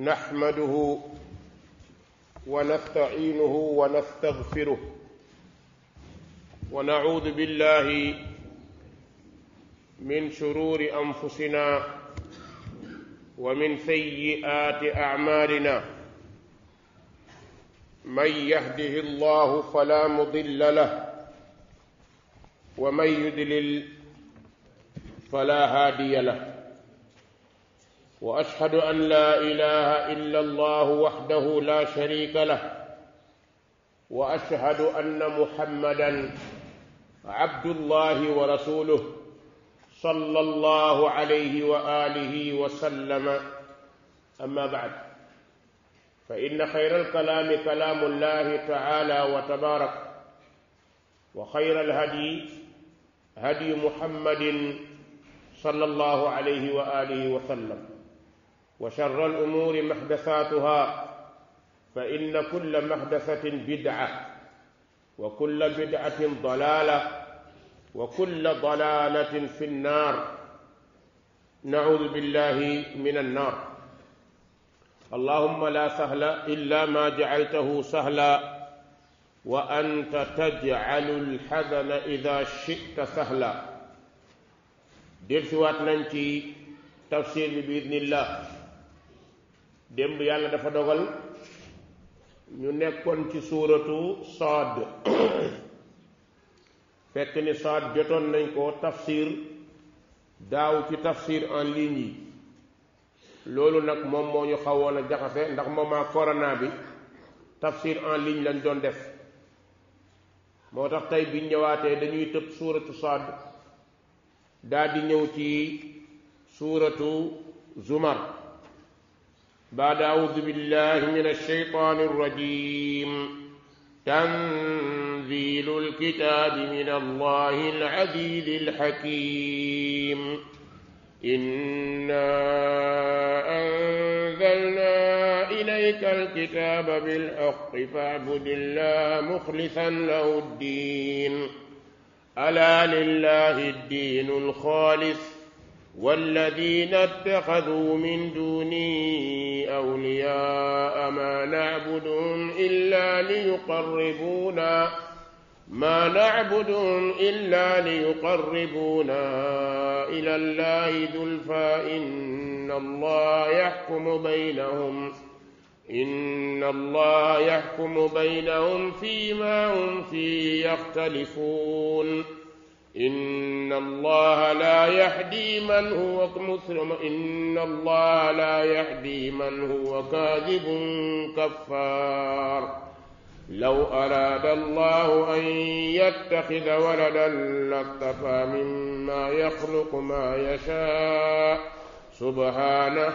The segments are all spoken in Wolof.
نحمده ونستعينه ونستغفره ونعوذ بالله من شرور أنفسنا ومن سيئات أعمالنا من يهده الله فلا مضل له ومن يدلل فلا هادي له واشهد ان لا اله الا الله وحده لا شريك له واشهد ان محمدا عبد الله ورسوله صلى الله عليه واله وسلم اما بعد فان خير الكلام كلام الله تعالى وتبارك وخير الهدي هدي محمد صلى الله عليه واله وسلم وشر الأمور محدثاتها فإن كل محدثة بدعة وكل بدعة ضلالة وكل ضلالة في النار نعوذ بالله من النار اللهم لا سهل إلا ما جعلته سهلا وأنت تجعل الحزن إذا شئت سهلا دير سوات نانتي تفسير بإذن الله démb yàlla dafa dogal ñu nekkoon ci suuratu Saad fekk ni Saad jotoon nañ ko tafsir daaw ci tafsir en ligne yi loolu nag moom moo ñu xawoon a jaxase ndax moment corona bi tafsir en ligne lañ doon def moo tax tey biñ ñëwaatee dañuy tëb suuratu Saad daal di ñëw ci suuratu Zumar بعد أعوذ بالله من الشيطان الرجيم تنزيل الكتاب من الله العزيز الحكيم إنا أنزلنا إليك الكتاب بالحق فاعبد الله مخلصا له الدين ألا لله الدين الخالص والذين اتخذوا من دوني أولياء ما نعبدهم إلا ليقربونا ما نعبدهم إلا ليقربونا إلى الله زلفى إن الله يحكم بينهم إن الله يحكم بينهم فيما هم فيه يختلفون إن الله لا يهدي من هو مسلم إن الله لا يهدي من هو كاذب كفار لو أراد الله أن يتخذ ولدا لاصطفى مما يخلق ما يشاء سبحانه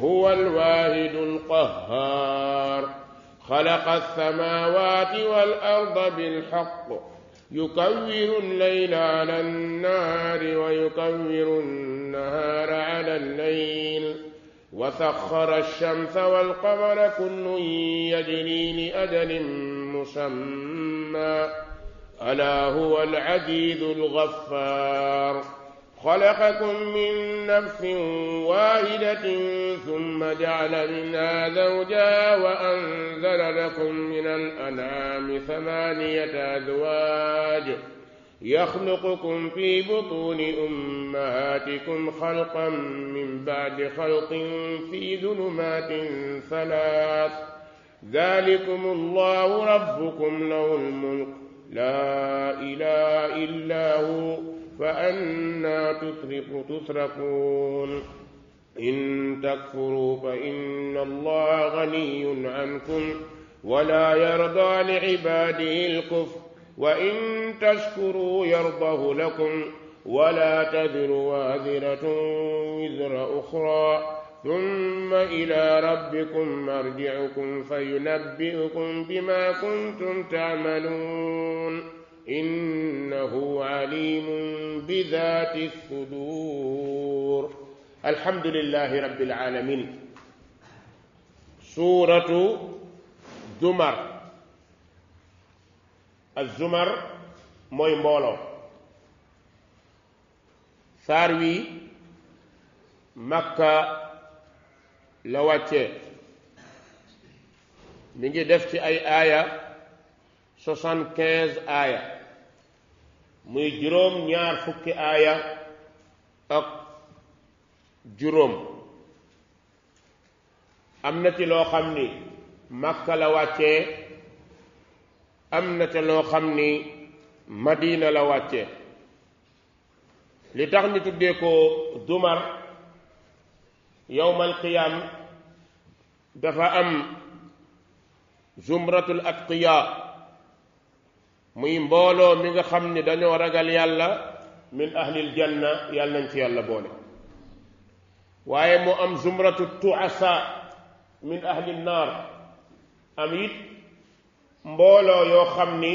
هو الواحد القهار خلق السماوات والأرض بالحق يكور الليل على النهار ويكور النهار على الليل وسخر الشمس والقمر كل يجري لأجل مسمى ألا هو العزيز الغفار خلقكم من نفس واحدة ثم جعل منها زوجا وأنزل لكم من الأنعام ثمانية أزواج يخلقكم في بطون أمهاتكم خلقا من بعد خلق في ظلمات ثلاث ذلكم الله ربكم له الملك لا إله إلا هو فأنا تترك تتركون إن تكفروا فإن الله غني عنكم ولا يرضى لعباده الكفر وإن تشكروا يرضه لكم ولا تذر وازرة وزر أخرى ثم إلى ربكم مرجعكم فينبئكم بما كنتم تعملون إنه عليم بذات الصدور الحمد لله رب العالمين سورة زمر الزمر موي مبولو ساروي مكة لواتي نيجي دفتي أي آية soixante-quinze aaya muy juróom ñaar fukki aaya ak juróom am na ci loo xam ni Makka la wàccee am na ci loo xam ni Madina la wàcce li tax ñu tuddee ko dumar yowmal qiyam dafa am zumratul atqiya muy mbooloo mi nga xam ni dañoo ragal yàlla min ahlil janna yàlla nañ ci yàlla boole waaye mu am zumratu tuasa min ahlil naar am it mbooloo yoo xam ni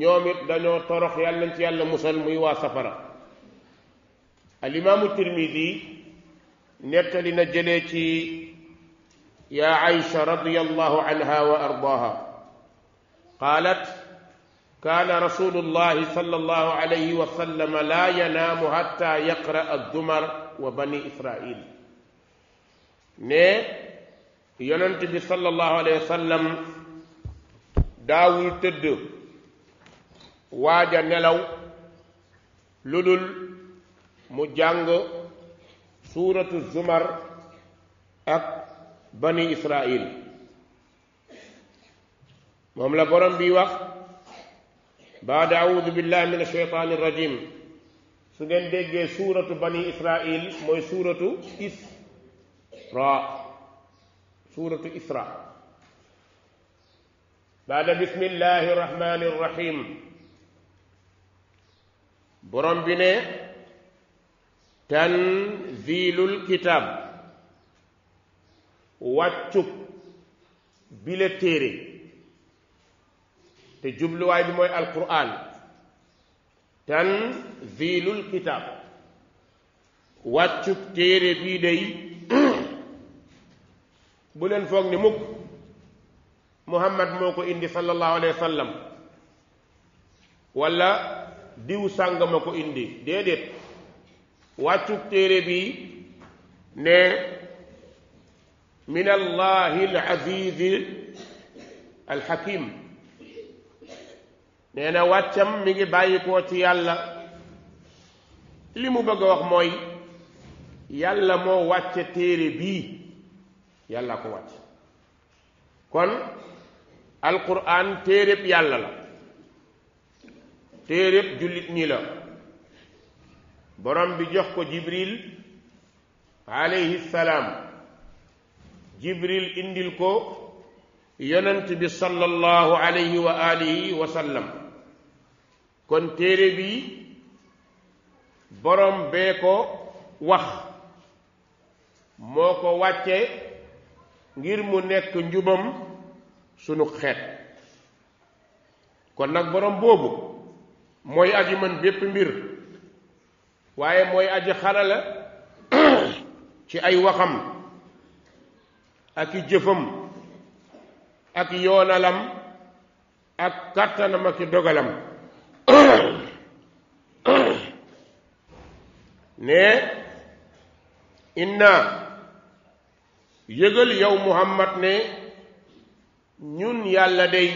ñoo it dañoo torox yàlla nañ ci yàlla musal muy waa safara alimaamu tirmidi nettali na jëlee ci yaa aysha radiallahu anha wa ardaaha qaalat kaana rasulullahi sallallahu alayhi wa sallam laa yanaamu hatta yaqra addumar wa bani israil ne yonent bi sallallahu alayhi wa sallam daawul tëdd waaja nelaw lu dul mu jàng suuratu zumar ak bani israil moom la borom bi wax baada awudu billah min asheytaani irrajim su ngeen déggee suuratu bani israil mooy suuratu isra suuratu isra baada bismillahi irrahmani irrahim borom bi ne tanzilul kitab wàccub bile téere te jubluwaay bi mooy alquran tanzilul kitab wàccub téere bii day bu leen foog ni mukk muhammad moo ko indi sallallahu alayhi wa sallam wala diw sàng ma ko indi déedéet wàccub téere bii ne min allahi al aziz al hakim nee na wàccam mi ngi bàyyikoo ci yàlla li mu bëgg a wax mooy yàlla moo wàcce téere bii yàlla ko wàcc kon alquran téereb yàlla la téereb jullit ñi la borom bi jox ko jibril alayhi salaam jibril indil ko yonent bi sallallahu alayhi wa alihi wa sallam kon téere bi boroom bee ko wax moo ko wàcce ngir mu nekk njubam sunu xeet kon nag boroom boobu mooy aji mën bépp mbir waaye mooy aji xarala ci ay waxam ak i jëfam ak yoonalam ak kàttanam ak i dogalam ne inna yëgal yow muhammad ne ñun yàlla day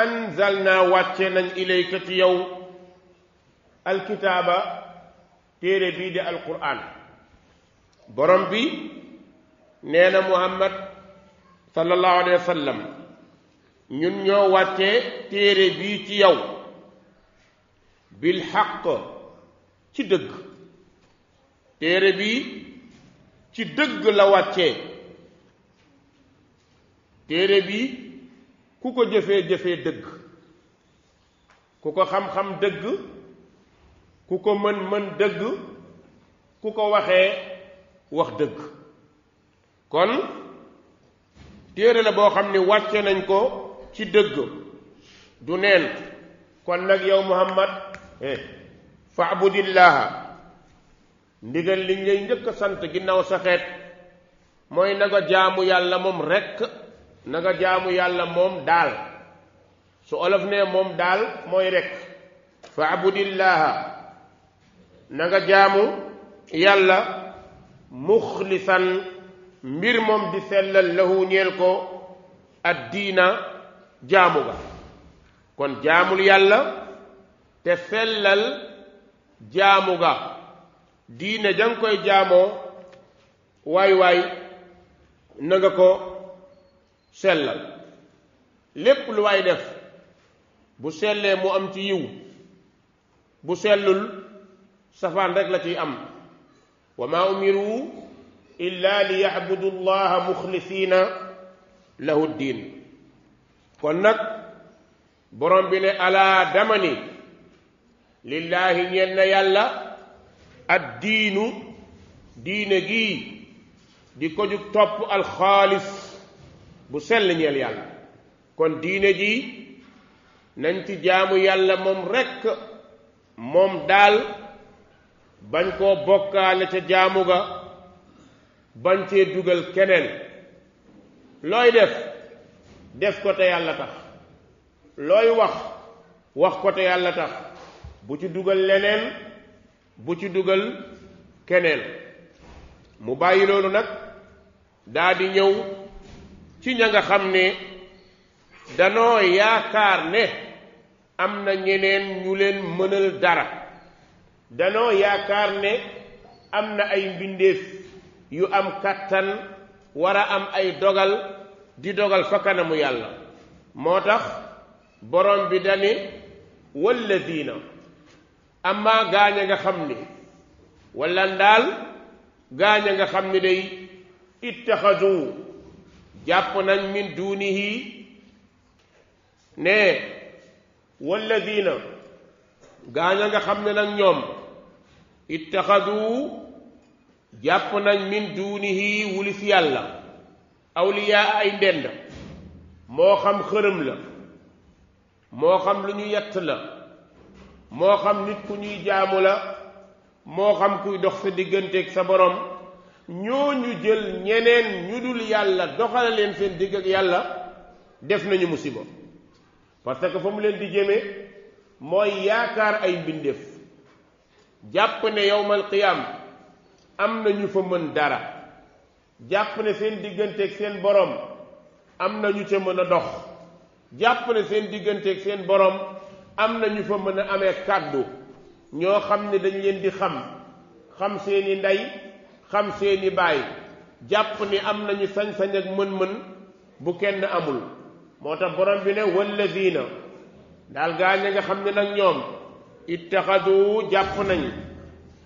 anzalna wàcce nañ ilayka ci yow alkitaaba téere bii di alquran borom bi nee na muhammad sallallahu alayhi wa sallam ñun ñoo wàccee téere bii ci yow bil xaq ci dëgg téere bii ci dëgg la wàcce téere bii ku ko jëfee jëfee dëgg ku ko xam-xam dëgg ku ko mën-mën dëgg ku ko waxee wax dëgg kon téere la boo xam ni wàcce nañ ko ci dëgg du neen kon nag yow muhammad eh, faabudillaha ndigal liñ lay njëkk sant ginnaaw sa xeet mooy na nga jaamu yàlla moom rekk na nga jaamu yàlla moom daal su olof moom daal mooy rekk faabudillaha na nga jaamu yàlla muxlisan mbir moom di sellal lahu ñeel ko ad diina jaamu ga kon jaamul yàlla te sellal jaamu ga diine jang koy jaamoo waay waay na ko sellal lépp lu waay def bu sellee mu am ci yiw bu sellul safaan rek la ci am wa maa umiru illa li yacbudu allaha muxlisiina lahu ddiin kon nag borom bi ne alaa dama ni lillaahi ñeel na yàlla ad diinu diine gi di ko topp alxaalis bu sell ñeel yàlla kon diine gi nañ ci jaamu yàlla moom rekk moom dal bañ koo bokkaale ca jaamu ga bañ cee dugal keneen looy def def ko te yàlla tax looy wax wax ko te yàlla tax bu ci dugal leneen bu ci dugal keneen mu bàyyi loolu nag daadi ñëw ci ña nga xam ne danoo yaakaar ne am na ñeneen ñu leen mënal dara danoo yaakaar ne am na ay mbindéef yu am kàttan war a am ay dogal di dogal fa kanamu yàlla moo tax borom bi dani walladina amma gaañ a nga xam ni wala ndaal gaañ nga xam ni day ittaxadu jàpp nañ min duunihi ne walladina gaañ a nga xam ne nag ñoom ittaxadu jàpp nañ min duunihi wulif yàlla aw awliyaa ay ndend moo xam xërëm la moo xam lu ñu yett la moo xam nit ku ñuy jaamu la moo xam kuy dox sa digganteeg sa borom ñooñu jël ñeneen ñu dul yàlla doxale leen seen digg ak yàlla def nañu musiba parce que fa mu leen di jëme mooy yaakaar ay mbindeef jàpp ne yowmal qiyaam am na ñu fa mën dara jàpp ne seen digganteeg seen boroom am na ñu ca mën a dox jàpp ne seen digganteeg seen boroom am na ñu fa mën a amee kàddu ñoo xam ne dañ leen di xam xam seeni ndey xam seeni baay jàpp ni am nañu sañ-sañ mën-mën bu kenn amul moo tax borom bi ne wallazina daal gaa ñi nga xam ne nag ñoom ittaxadu jàpp nañ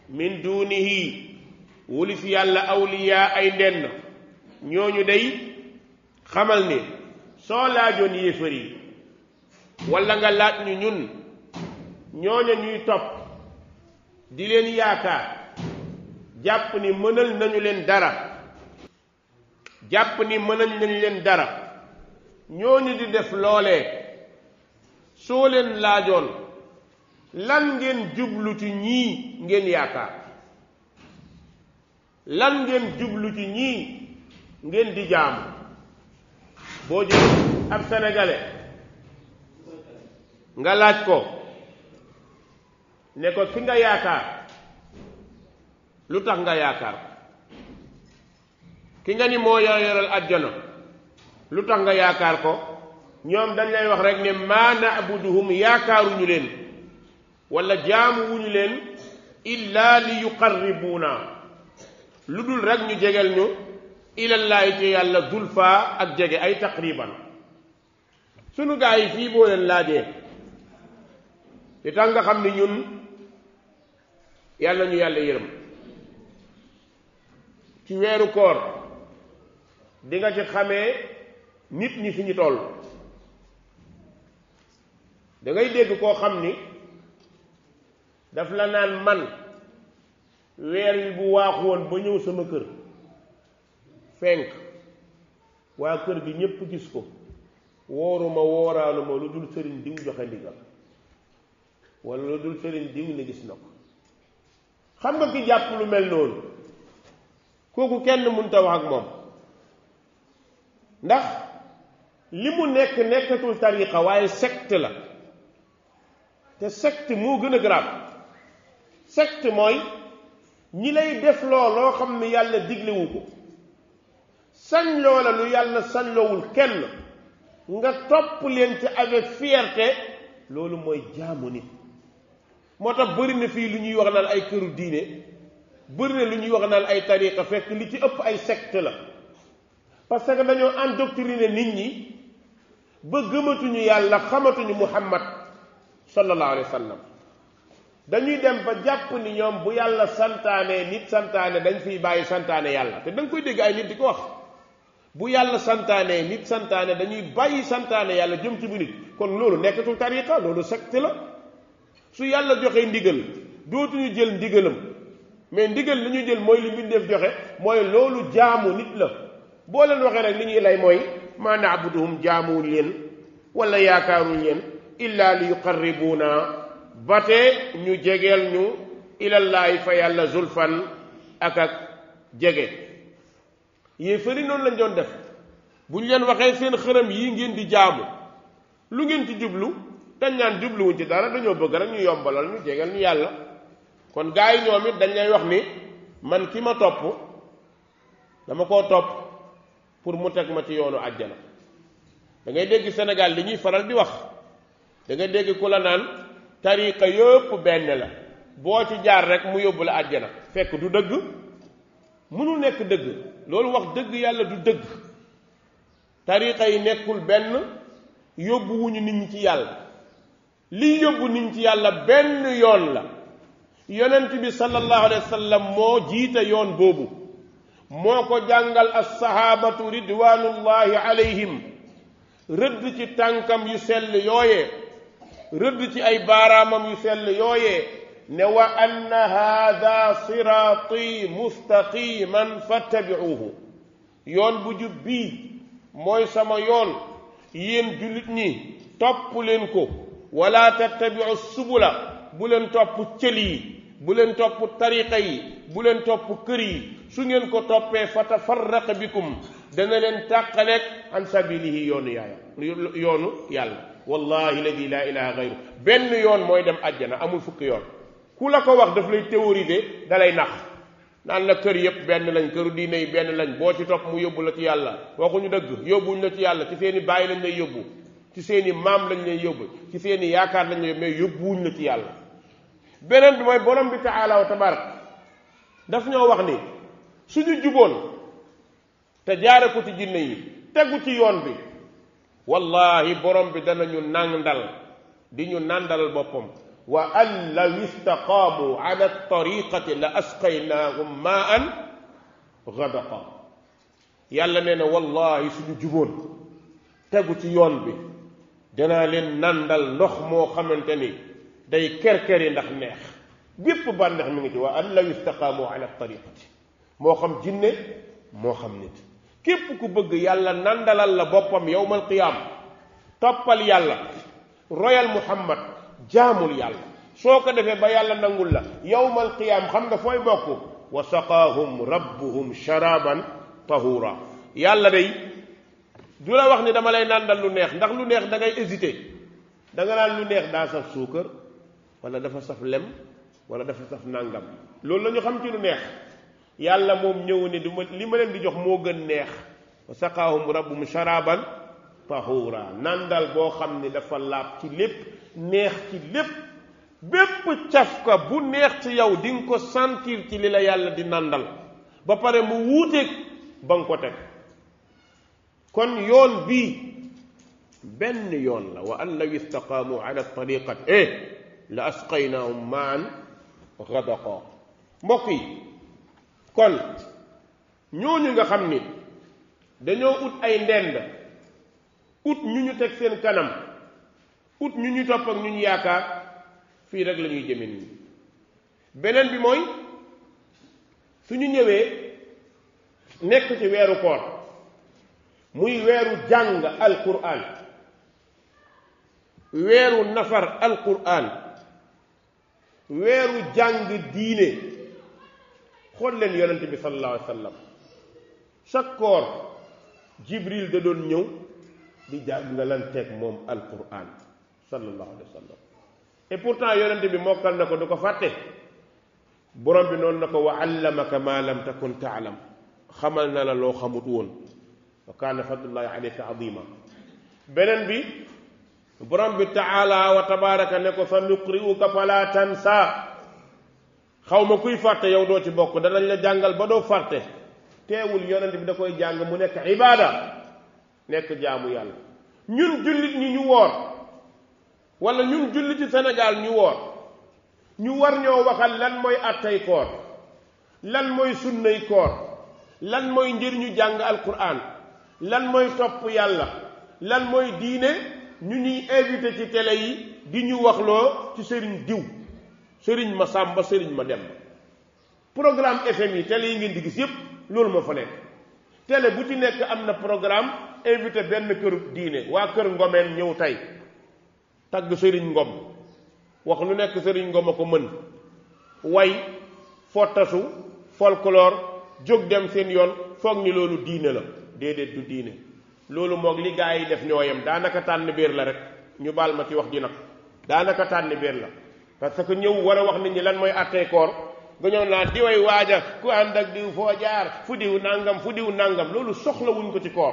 min duunihi wulif yàlla awliyaa ay ndenn ñooñu day xamal ni soo laajoon yéefar yi walla nga laaj ñu ñun ñooña ñuy topp di leen yaakaar jàpp ni mënal nañu leen dara jàpp ni mënal nañu leen dara ñooñu di def loolee soo leen laajoon lan ngeen jublu ci ñii ngeen yaakaar lan ngeen jublu ci ñii ngeen di jaamu boo jël ab sénégalais nga laaj ko ne ko ki nga yaakaar lu tax nga yaakaar ki nga ni moo yor yoral àjjana lu tax nga yaakaar ko ñoom dañ lay wax rek ne maa na'buduhum yaakaaruñu leen wala jaamuwuñu leen illa li yuqarribuuna lu dul rek ñu jegeel ñu ilallaay ci yàlla dulfa ak jege ay taqriban sunu gaa yi fii boo leen laajee di tax nga xam ni ñun yàlla ñu yàlla yërëm ci weeru koor dinga nga ci xamee nit ñi fi ñu toll dangay ngay dégg koo xam ni daf la naan man weer wi bu waaxu woon ba ñëw sama kër fenk waa kër gi ñépp gis ko wooruma wooraaluma lu dul sëriñ diw joxe ndigal walla lu dul sëriñ diw ne gis na ko xam nga ki jàpp lu mel noonu kooku kenn mënta wax ak moom ndax li mu nekk nekkatul tariqa waaye secte la te secte moo gën a grave secte mooy ñi lay def loo xam ne yàlla diglewu ko sañ loola lu yàlla sañloowul kenn nga topp leen ci avec fierté loolu mooy jaamu nit moo tax bëri na fii li ñuy wax naan ay këru diine bëri na lu ñuy wax naan ay tariqa fekk li ci ëpp ay secte la parce que dañoo endoctriner nit ñi ba gëmatuñu yàlla xamatuñu muhammad sallallahu alayhi wa dañuy dem ba jàpp ni ñoom bu yàlla santaane nit santaane dañ fiy bàyyi santaane yàlla te da koy dégg ay nit di ko wax bu yàlla santaane nit santaane dañuy bàyyi santaane yàlla jëm ci bu nit kon loolu nekkatul tariqa loolu secte la su yàlla joxe ndigal dootuñu jël ndigalam mais ndigal li ñu jël mooy li mbindeef joxe mooy loolu jaamu nit la boo leen waxee rek li ñuy lay mooy maa naabuduhum jaamuwuñ leen wala yaakaaruñ leen illa li yuqarribuuna bate ñu jegeel ñu ilallaahi fa yàlla zulfan ak ak jege yéefar yi noonu lañ doon def bu ñu leen waxee seen xërëm yi ngeen di jaamu lu ngeen ci jublu dañ naan jubluwuñ ci dara dañoo bëgg rek ñu yombalal ñu jegeel ñu yàlla kon gaa ñoom it dañ lay wax ni man ki ma topp dama koo topp pour mu teg ma ci yoonu àjjana da ngay dégg senegal li ñuy faral di wax da ngay dégg ku naan tariqa yëpp benn la boo ci jaar rekk mu yóbbu la àjjana fekk du dëgg mënul nekk dëgg loolu wax dëgg yàlla du dëgg tariqa yi nekkul benn yóbbuwuñu nit ñi ci yàlla liy yóbbu nit ñi ci yàlla benn yoon la yonent bi sallallahu alayhi wa moo jiite yoon boobu moo ko jàngal assahaabatu ridwanullahi alayhim rëdd ci tànkam yu sell yooyee rëdd ci ay baaraamam yu sell yooyee ne wa anna haada siraati mustaqiman fattabi'uhu yoon bu jub bii mooy sama yoon yéen jullit ñi topp leen ko wala tattabi'u subula bu leen topp cël yi bu leen topp tariqa yi bu leen topp kër yi su ngeen ko toppee fatafarraqa bikum dana leen tàqaleeg an sabilihi yoonu yaaya yoonu yàlla wallahi ladi laa ilaha gayru benn yoon mooy dem àjjana amul fukki yoon ku la ko wax daf lay théoriser da lay nax naan la kër yëpp benn lañ këru diine yi benn lañ boo ci topp mu yóbbu la ci yàlla waxuñu dëgg yóbbuñ la ci yàlla ci seen i bàyyi lañ lay yóbbu ci seen maam lañ lay yóbbu ci seen i yaakaar lañ lay yóbbu mais yóbbuwuñ la ci yàlla beneen bi mooy borom bi taala wa daf ñoo wax ni suñu juboon te jaare ko ci jinne yi tegu ci yoon bi wallahi borom bi danañu nàndal di ñu nàndalal boppam wa an law istaqaamu ala tariqati la asqaynaahum maa an gadaqa yàlla nee na wallahi suñu juboon tegu ci yoon bi danaa leen nàndal ndox moo xamante ni day kerker yi ndax neex bépp bànneex mi ngi ci wa an law istaqaamu ala tariqati moo xam jinne moo xam nit képp ku bëgg yàlla nandalal la boppam yowmal qiyaam toppal yàlla royal muhammad jaamul yàlla soo ko defee ba yàlla nangul la yowmal qiyaam xam nga fooy bokk wa saqaahum rabbuhum sharaban tahura yàlla day du la wax ni dama lay nàndal lu neex ndax lu neex da ngay hésiter da nga lu neex daa saf suukar walla dafa saf lem wala dafa saf nàngam loolu la xam ci lu neex yàlla moom ñëw ne du ma li ma leen di jox moo gën neex wa saqaahum rabbum sharaban tahura nandal boo xam ne dafa laab ci lépp neex ci lépp bépp cafka bu neex ci yow di ko santiir ci li la yàlla di nandal ba pare mu wuuteeg ba nga ko teg kon yoon bii benn yoon la wa an law istaqaamu ala tariqat eh la asqaynahum maan gadaqa mbokk yi kon ñooñu nga xam ni dañoo ut ay ndend ut ñu ñu teg seen kanam ut ñu ñu topp ñu ñu yaakaar fii rek la ñuy beneen bi mooy suñu ñëwee nekk ci weeru koor muy weeru jàng alquran weeru nafar alquran weeru jàng diine xool leen yonent bi sallallahu alayhi wa sallam chaque koor da doon ñëw di jàngalanteeg moom alquran sallallahu wa sallam et pourtant yonent bi mokkal na ko du ko fàtte borom bi noonu na ko wa allamaka ma lam takun taalam xamal na la loo xamut woon wa kaana fadlullahi alayka azima beneen bi borom bi taala wa tabaraka ne ko sa nuqri'uka fala tansa xawma ma kuy fàtte yow doo ci bokk danañ la jàngal ba doo fàtte teewul yonent bi da koy jàng mu nekk ibaada nekk jaamu yàlla ñun jullit ñi ñu woor wala ñun jullit ci senegaal ñu woor ñu war ñoo waxal lan mooy attay koor lan mooy sunnay koor lan mooy njëriñu jàng alquran lan mooy topp yàlla lan mooy diine ñu ñuy invité ci télé yi di ñu waxloo ci sëriñ diw sëriñ ma sàmba sëriñ ma dem programme FM yi télé yi ngeen di yépp loolu moo fa nekk télé bu ci nekk am na programme invité benn kër diine waa kër ngomeen ñëw tey tagg sëriñ ngom wax lu nekk sëriñ ngom a ko mën way fottasu folklore jóg dem seen yoon foog ni loolu diine la déedéet du diine loolu moog li gaa yi def ñooyam daanaka tànn biir la rek ñu baal ma ci wax ji nag daanaka tànn biir la parce que ñëw war a wax nit ñi lan mooy attee koor nga ñëw naa diway waaja ku ànd ak diw foo jaar fu diw nangam fu diw nangam loolu soxlawuñ ko ci koor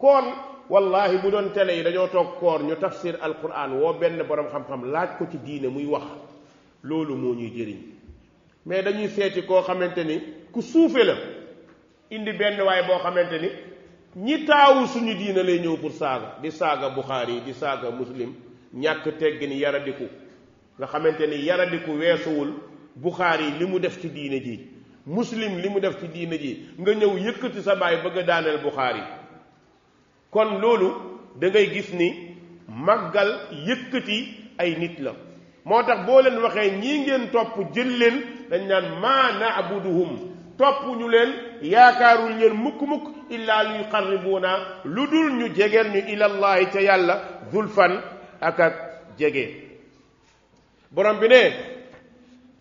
koon wallahi bu doon tele yi dañoo toog koor ñu tafsir alquran woo benn borom xam-xam laaj ko ci diine muy wax loolu moo ñuy jëriñ mais dañuy seeti koo xamante ni ku suufe la indi benn waaye boo xamante ni ñi taawu suñu diine lay ñëw pour saaga di saaga Bukhari di saaga muslim ñàkk teggin yaradiku nga xamante ni yaradiku weesuwul buxaari li mu def ci diine ji muslim li mu def ci diine ji nga ñëw yëkkati sa baay bëgg a daaneel buxaari kon loolu da ngay gis ni màggal yëkkati ay nit la moo tax boo leen waxee ñii ngeen topp jël leen dañ naan maa naabuduhum topp ñu leen yaakaarul leen mukk-mukk illaa luy xarribuuna lu dul ñu jegeen ñu ilallahi ca yàlla zulfan ak ak jege borom bi ne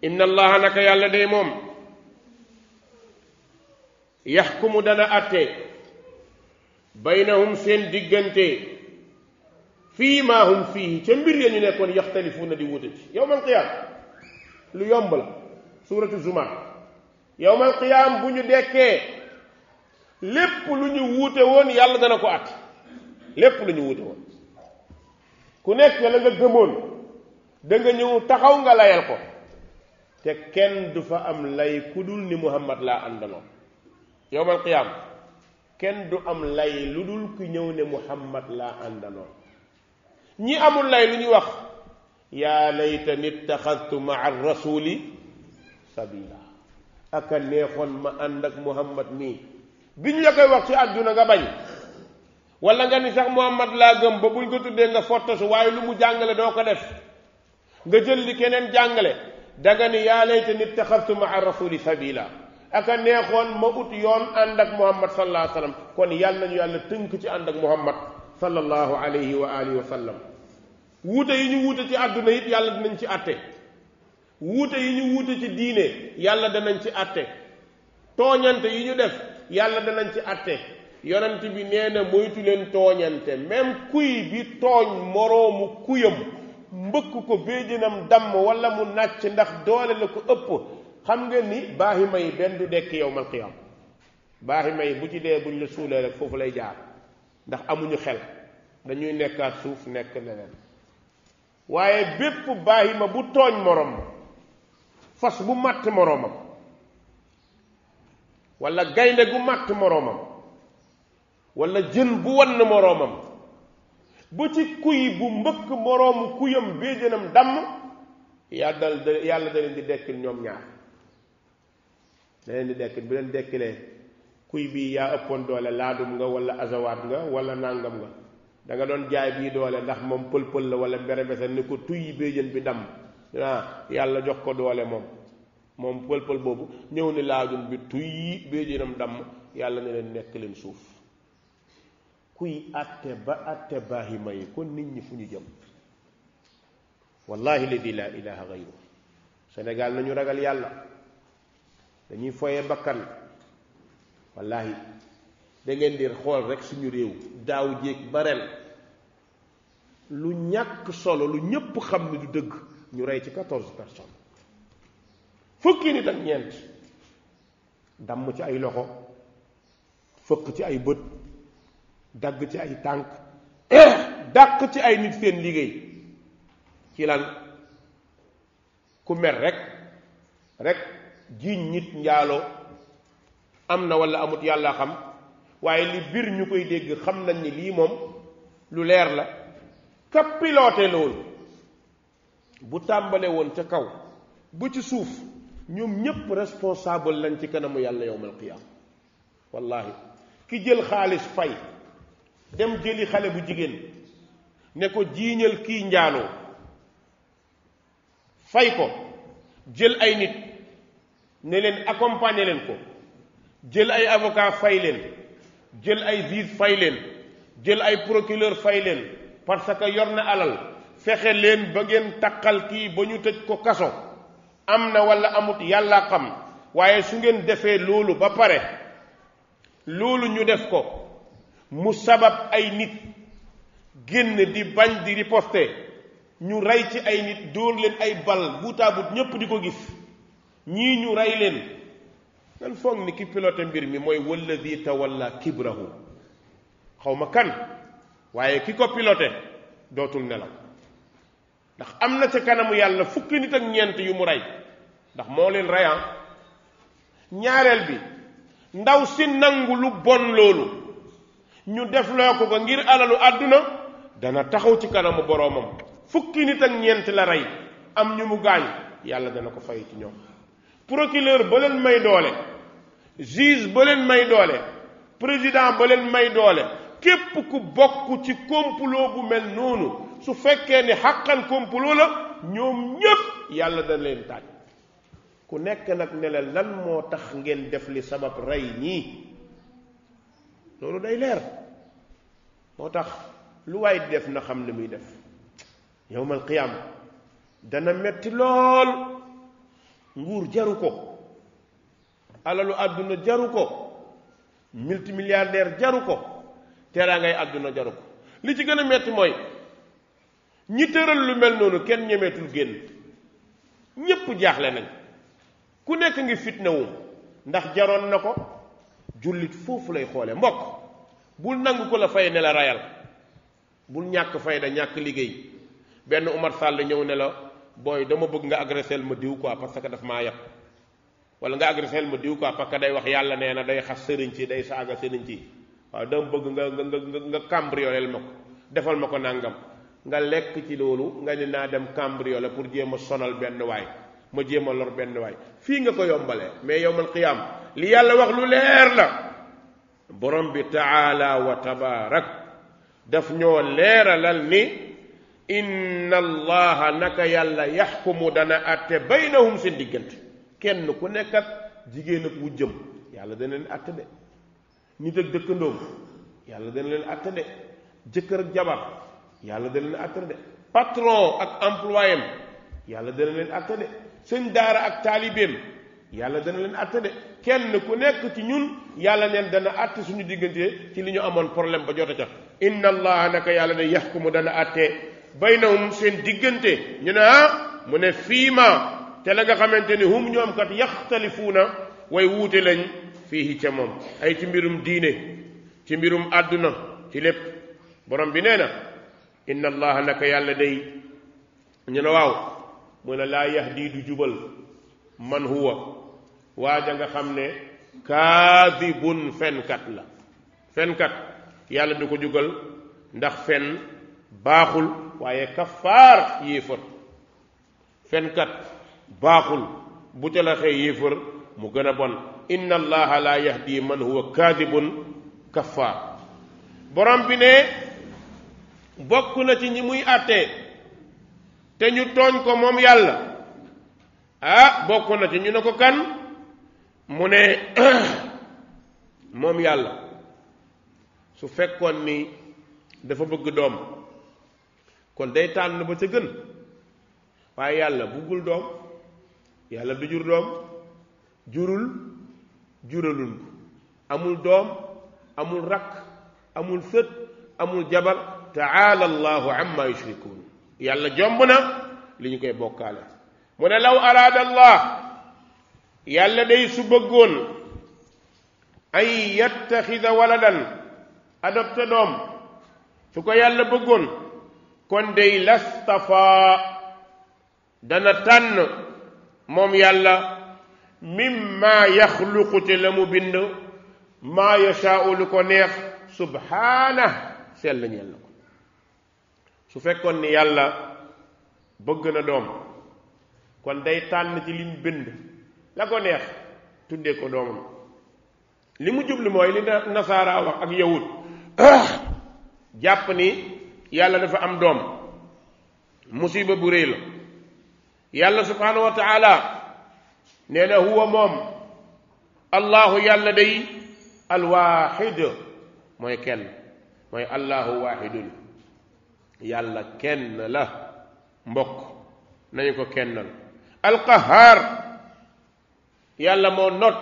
inna allaha naka yàlla day moom yaxkumu dana àtte baynahum seen diggante fii maa hum fii ca mbir ya ñu nekkoon yaxtalifuuna di wuute ci yowmal qiyaam lu yomb la suuratu zumar yowmal bu ñu dekkee lépp lu ñu wuute woon yàlla dana ko àtte lépp lu ñu wuute woon ku nekk la nga gëmoon da nga ñëw taxaw nga layal ko te kenn du fa am lay ku dul ni muhammad laa àndaloo yowmal qiyaam kenn du am lay lu dul ku ñëw ne muhammad laa àndaloo ñi amul lay lu ñuy wax yaa laytani ittaxadtu maa rasuli sabila aka neexoon ma ànd ak muhammad mii bi ñu la koy wax ci àdduna nga bañ wala nga ni sax muhammad laa gëm ba buñ ko tuddee nga fottasu waaye lu mu jàngale doo ko def nga jël li keneen jàngale danga ni yaa layta nit taxartu maa rasuli sabila aka neexoon ma ut yoon ànd ak muhammad sallallahu wa sallam kon yàlla nañu yàlla tënk ci ànd ak muhammad sallallahu alayhi wa alihi wa sallam wuute yi ñu wuute ci àdduna yit yàlla dinañ ci àtte wuute yi ñu wuute ci diine yàlla danañ ci àtte tooñante yi ñu def yàlla danañ ci àtte yonent bi nee na moytu leen tooñante même kuy bi tooñ moroomu kuyam mbëkk ko béjjinam damm walla mu nàcc ndax doole la ko ëpp xam nga ni baahima yi benn du dekk yow mal qiyaam baahima yi bu ci dee buñ la suulee rek foofu lay jaar ndax amuñu xel dañuy nekkaat suuf nekk leneen waaye bépp baahima bu tooñ moroom fas bu màtt moroomam wala gaynde gu màtt moroomam wala jën bu wann moroomam ba ci kuy bu mbëkk moroomu kuyam béjjënam damm yàddal da yàlla da leen di dekkil ñoom ñaar da leen di dekkil bu leen dekkilee kuy bii yaa ëppoon doole laadum nga wala azawaat nga wala nàngam nga danga nga doon jaay bii doole ndax moom pël-pël la wala mbere-mbese ni ko tuy béjjën bi damm ah yàlla jox ko doole moom moom pël-pël boobu ñëw ni laadum bi tuy béjjënam damm yàlla na leen nekk leen suuf kuy atte ba atte baahima yi kon nit ñi fu ñu jëm wallahi ladi la ilaha gayru sénégal nañu ragal yàlla dañuy foye bakkan wallahi da ngeen di xool rekk suñu réew daaw jéeg lu ñàkk solo lu ñépp xam ne du dëgg ñu rey ci quatorze personnes fukki nit ak ñeent damm ci ay loxo fëkk ci ay bët dagg ci ay tànk er, dàq ci ay nit seen liggéey ci lan ku mer rek rek jiiñ nit njaaloo am na walla amut yàlla xam waaye li biir ñu koy dégg xam nañ ni lii moom lu leer la ka loolu bu tàmbale woon ca kaw bu ci suuf ñoom ñépp responsable lañ ci kanamu yàlla yowmal qiyaama wallahi ki jël xaalis fay dem jëli xale bu jigéen ne ko jiiñal kii njaaloo fay ko jël ay nit ne leen accompagner leen ko jël ay avocat fay leen jël ay juge fay leen jël ay procureur fay leen parce que yor na alal fexe leen ba ngeen takkal kii ba ñu tëj ko kaso am na walla amut yàlla xam waaye su ngeen defee loolu ba pare loolu ñu def ko mu sabab ay nit génn di bañ di riposte ñu rey ci ay nit dóor leen ay bal buutaabut ñépp di ko gis ñii ñu rey leen ngan foog ni ki pilote mbir mi mooy walladi tawalla kibrahu xaw ma kan waaye ki ko pilote dootul nelaw ndax am na ca kanamu yàlla fukki nit ak ñeent yu mu rey ndax moo leen reyan ah. ñaareel bi ndaw si nangu lu bon loolu ñu defloo ko ko ngir alalu àdduna dana taxaw ci kanamu boroomam fukki nit ak ñeent la rey am ñu mu gaañ yàlla dana ko fay ci ñoom procureur ba leen may doole juge ba leen may doole président ba leen may doole képp ku bokk ci complot bu mel noonu su fekkee ni xàqan complot la ñoom ñépp yàlla dana leen taaj ku nekk nag nela lan moo tax ngeen def li sabab rey nii loolu day leer moo tax lu waay def na xam ne muy def yowmal qiyaama dana metti lool nguur jaru ko alalu àdduna jaru ko multimilliardaire jaru ko teraangay àdduna jaru ko li ci gën a metti mooy ñi tëral lu mel noonu kenn ñemeetul génn ñépp jaaxle nañ ku nekk ngi fitnawu ndax jaroon na ko jullit foofu lay xoole mbokk bul nangu ko la fay ne la rayal bul ñàkk fayda ñàkk liggéey benn Umar Sall ñëw ne la booy dama bëgg nga agressel ma diw quoi parce que daf maa yàq wala nga agressel ma diw quoi parce que day wax yàlla nee na day xas sëriñ ci day saaga sëriñ ci waaw dama bëgg nga nga nga nga cambriolel ma ko defal ma ko nàngam nga lekk ci loolu nga ne naa dem cambriole pour jéem a sonal benn waay ma jéem a lor benn waay fii nga ko yombalee mais yow man xiyaam li yàlla wax lu leer la borom bi taala wa tabaarak daf ñoo leeralal ni inna allaha naka yàlla yaxkumu dana àtte baynahum seen diggante kenn ku nekkat jigéen ak wu jëm yàlla dana leen àtte de nit ak dëkkandoom yàlla dana leen àtte de jëkkër ak jabar yàlla dana leen àtte de patron ak employé yàlla dana leen àtte de seen daara ak taalibeem yàlla dana leen àtte de kenn ku nekk ci ñun yàlla neen dana àtte suñu diggante ci li ñu amoon problème ba jota ca inna allaha naka yàlla ne yaxkumu dana àtte baynahum seen diggante ñu ne ah mu ne fii ma te la nga xamante ni hum ñoom kat na way wuute lañ fii ca moom ay ci mbirum diine ci mbirum àdduna ci lépp borom bi nee na inna allaha naka yàlla day ñu ne waaw mu ne laa yahdi du jubal man huwa waa waaja nga xam ne kaadibun fenkat la fenkat yàlla du ko jógal ndax fen baaxul waaye kafaar yéefar fenkat baaxul bu ca yéefar mu gën a bon inna allaha la yahdi man huwa kaadibun kafaar borom bi ne bokk na ci ñi muy àttee te ñu tooñ ko moom yàlla ah bokk na ci ñu ne ko kan mu ne moom yàlla su fekkoon ni dafa bëgg doom kon day tànn ba ca gën waaye yàlla buggul doom yàlla du jur doom jurul juralul amul doom amul rakk amul sët amul jabar taala allahu amma yushrikun yàlla jomb na li ñu koy bokkaale mu ne law araada yàlla day su bëggoon ay yattaxida waladan adopté doom su ko yàlla bëggoon kon la lastafaa dana tànn moom yàlla mimma yaxluqu te la mu bind maa yashaau lu ko neex subhaana sell ñeel na ko su fekkoon ni yàlla bëgg na doom kon day tànn ci liñ bind la ko neex tuddee ko doomam li mu jublu mooy li nasaara ak yawut ah! jàpp ni yàlla dafa am doom musiba bu réy la yàlla subhanahu wa taala nee na huwa moom allahu yàlla day alwaxid mooy kenn mooy allahu waxidun yàlla kenn la mbokk nañu ko kennal alqahaar yàlla moo not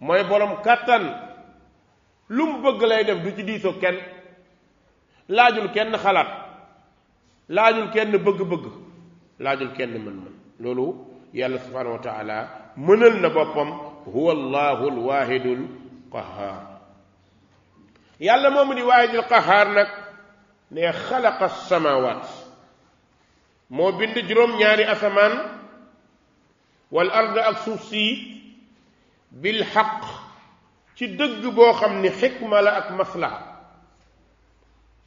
mooy boroom kàttan lu mu bëgg lay def du ci diisoo kenn laajul kenn xalaat laajul kenn bëgg-bëgg laajul kenn mën-mën loolu yàlla subhanahu wa taala mënal na boppam huwa allahu alwahidul qahaar yàlla moomu di waahidul qahaar nag ne xalaqa samawaat moo bind juróom-ñaari asamaan wal ard ak suuf sii bil xaq ci dëgg boo xam ni xikma la ak maslaha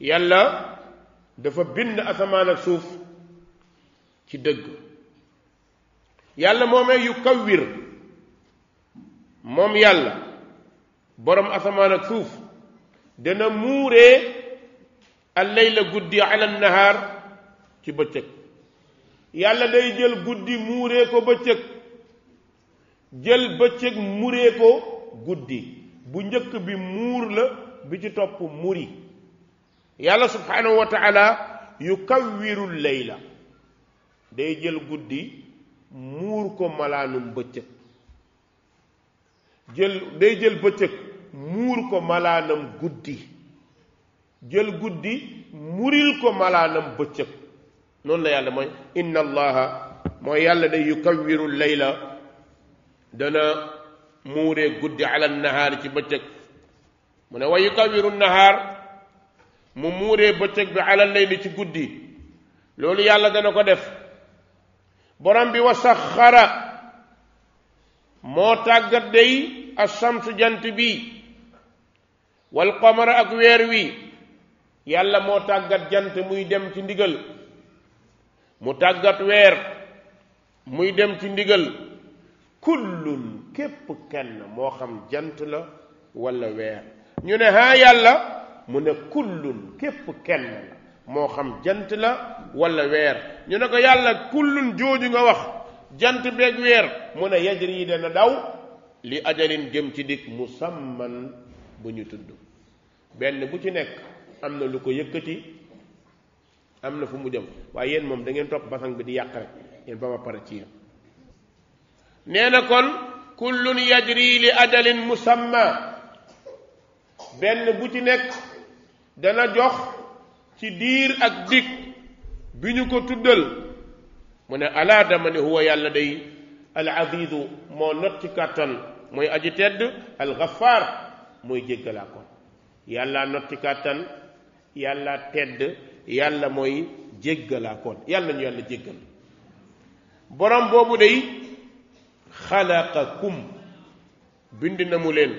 yàlla dafa bind asamaan ak suuf ci dëgg yàlla moomee yu kawwir moom yàlla boroom asamaan ak suuf dana muuree alleyla guddi ala nahaar ci bëccëg yàlla day jël guddi muuree ko bëccëg jël bëccëg muree ko guddi bu njëkk bi muur la bi ci topp muri yàlla subhanahu wa taala yukawwiru layla day jël guddi muur ko malaanum bëccëg jël day jël bëccëg muur ko malaanam guddi jël guddi muril ko malaanam bëccëg noonu la yàlla mooy inna allaha mooy yàlla day yukawwiru layla dana muuree guddi ala nahaar ci bëccëg mu ne wa yukawiru nahaar mu muuree bëccëg bi ala layli ci guddi loolu yàlla dana ko def borom bi wa saxara moo tàggat ak asamsu jant bi wal qamara ak weer wi yàlla moo tàggat jant muy dem ci ndigal mu tàggat weer muy dem ci ndigal kullun képp kenn moo xam jant la wala weer ñu ne ha yàlla mu ne kullun képp kenn la moo xam jant la walla weer ñu ne ko yàlla kullun jooju nga wax jant beeg weer mu ne yajri yi dana daw li ajalin jëm ci dikk musamman bu ñu tudd benn bu ci nekk am na lu ko yëkkati am na fu mu jëm waaye yéen moom da ngeen topp basang bi di yàq rek yéen ba ma pare ci yéen nee na kon kullun yajri li ajalin musamma benn bu ci nekk dana jox ci diir ak dig bi ñu ko tuddal mu ne alaa dama ne huwa yàlla day al azizu moo not kàttan mooy aji tedd al ghaffar mooy jéggalaa kon yàlla not kàttan yàlla tedd yàlla mooy jéggalaa kon yàlla ñu yàlla jéggal borom boobu day xalaqakum bind na mu leen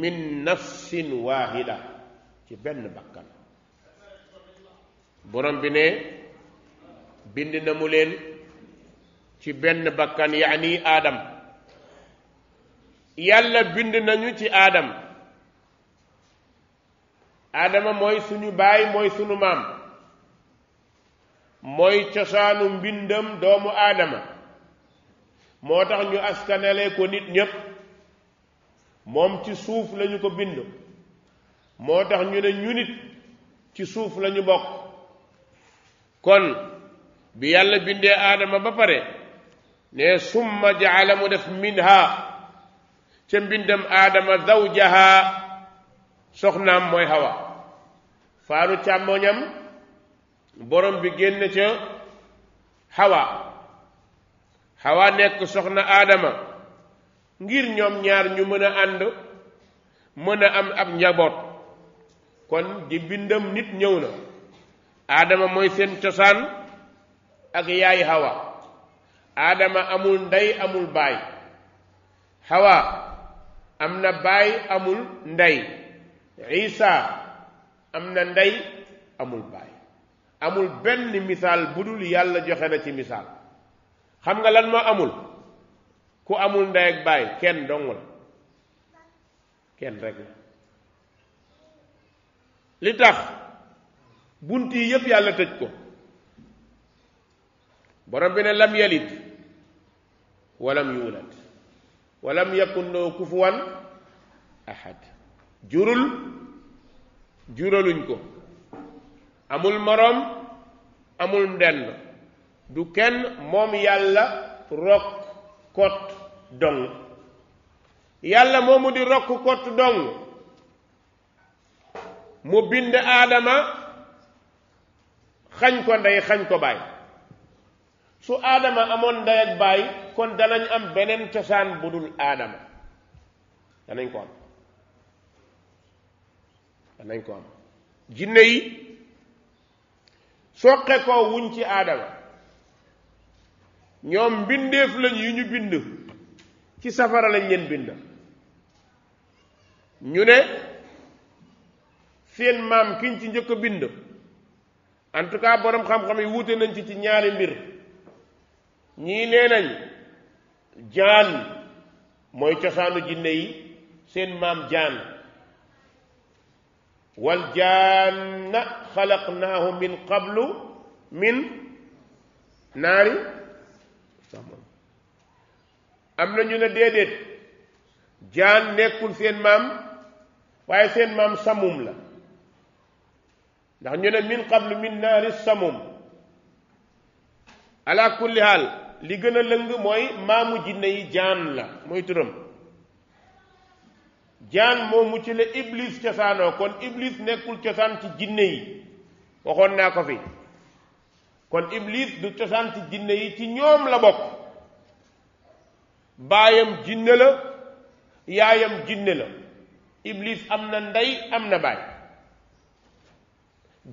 min nafsin waahida ci benn bakkan borom bi ne bind na mu leen ci benn bakkan yaani aadam yàlla bind nañu ci aadam aadama mooy suñu baay mooy suñu maam mooy cosaanu mbindam doomu aadama moo tax ñu askanele ko nit ñépp moom ci suuf lañu ko bind moo tax ñu ne ñu ci suuf lañu bokk kon bi yàlla bindee aadama ba pare ne summa jaala mu def minha ca mbindam aadama zawjaha soxnaam mooy hawa faanu càmmoñam borom bi génn ca hawa xawaa nekk soxna aadama ngir ñoom ñaar ñu mën a ànd mën a am ab njaboot kon di bindam nit ñëw na aadama mooy seen cosaan ak yaay xawa aadama amul ndey amul baay xawa am na baay amul ndey isa am na ndey amul baay amul benn misaal bu dul yàlla joxe na ci misaal xam nga lan moo amul ku amul ndey ak baay kenn dong la kenn rek li tax bunt yi yëpp yàlla tëj ko borom bi ne lam yalid walam yuulad walam yakun loo kufuwan ahad jurul juraluñ ko amul moroom amul ndenn du kenn moom yàlla rokk kott dong yàlla moomu di rokk kott dong mu bind aadama xañ ko ndey xañ ko baay su aadama amoon ndey ak baay kon danañ am beneen cosaan bu dul aadama danañ ko am danañ ko am jinne yi soqe ko wuñ ci aadama ñoom mbindeef lañ yu ñu bind ci safara lañ leen bind ñu ne seen maam kiñ ci njëkk a bind en tout cas borom xam-xam yi wuute nañ ci ci ñaari mbir ñii nee nañ jaan mooy cosaanu jinne yi seen maam jaan wal jaanna xalaqnaahu min qablu min naari am na ñu ne déedéet jaan nekkul seen maam waaye seen maam samum la ndax ñu ne min qablu min naari samum ala kulli haal li gën a lëng mooy maamu jinne yi jaan la mooy turam jaan moomu ci la iblis cosaanoo kon iblis nekkul cosaan ci jinne yi waxoon naa ko fi kon iblis du cosaan ci jinne yi ci ñoom la bokk baayam jinne la yaayam jinne la iblis am na ndey am na baay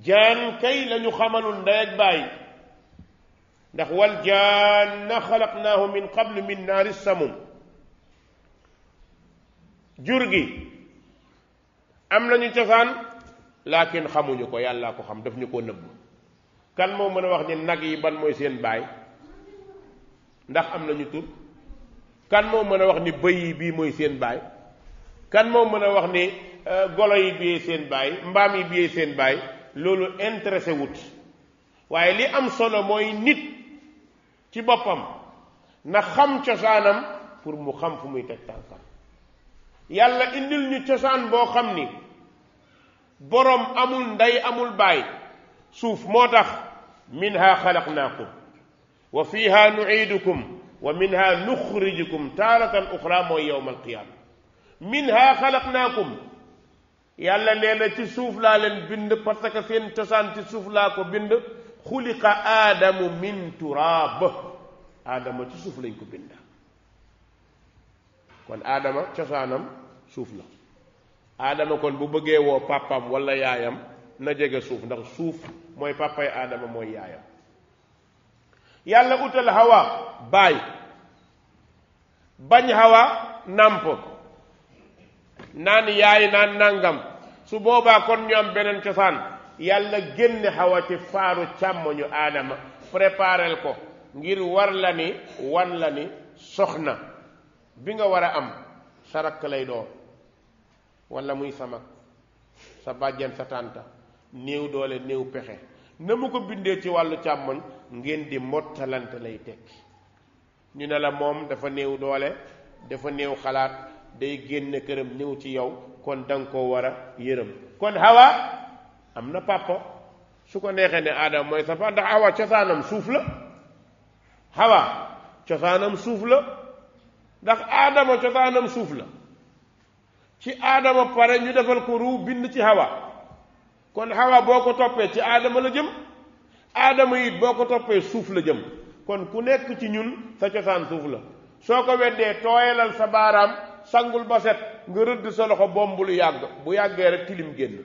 jaan kay lañu xamalul ndey ak baay ndax wal jaan xalaqnaahu min qablu min naari samum jur gi am nañu cosaan laakin xamuñu ko yàllaa ko xam daf ñu ko nëbb kan moo mën a wax ni nag yi ban mooy seen baay ndax am nañu tur kan moo mën a wax ni bëy yi bii mooy seen baay kan moo mën a wax ni euh, golo yi biyee seen baay mbaam yi biyee seen baay loolu intéressé wut waaye li am solo mooy nit ci boppam na xam cosaanam pour mu xam fu muy teg tànkam yàlla indil ñu cosaan boo xam ni boroom amul ndey amul baay suuf moo tax minha xalaqnaakum wa fiha nuiidukum wa minha nuxrijukum taaratan uxra mooy yowma alqiyaama minha xalaqnaakum yàlla nee na ci suuf laa leen bind parce que seen cosaan ci suuf laa ko bind xuliqa aadamu min turaab aadama ci suuf lañ ko bind kon aadama cosaanam suuf la aadama kon bu bëggee woo pàppam walla yaayam na jege suuf ndax suuf mooy pàppay aadama mooy yaayam yàlla utal hawa baay bañ hawa nàmp naan yaay naan nangam su boobaa kon ñu am beneen cosaan yàlla génne hawa ci faaru càmmoñu aadama préparel ko ngir war la ni wan la ni soxna bi nga war a am sa rakk lay doon wala muy sa mag sa bàjjen sa tànta néew doole néew pexe na mu ko bindee ci wàllu càmmoñ ngeen di mottalante lay tekki ñu ne la moom dafa néew doole dafa néew xalaat day génn këram ñëw ci yow kon danga ko war a yërëm kon hawa am na pàppa su ko neexee ne aadama mooy safa ndax hawa cosaanam suuf la hawa cosaanam suuf la ndax aadama cosaanam suuf la ci aadama pare ñu defal ko ruu bind ci hawa kon hawa boo ko toppee ci aadama la jëm aadama yit boo ko toppee suuf la jëm kon ku nekk ci ñun sa cosaan suuf la soo ko weddee tooyalal sa baaraam sangul ba set nga rëdd sa loxo bomb yàgg bu yàggee rek tilim génn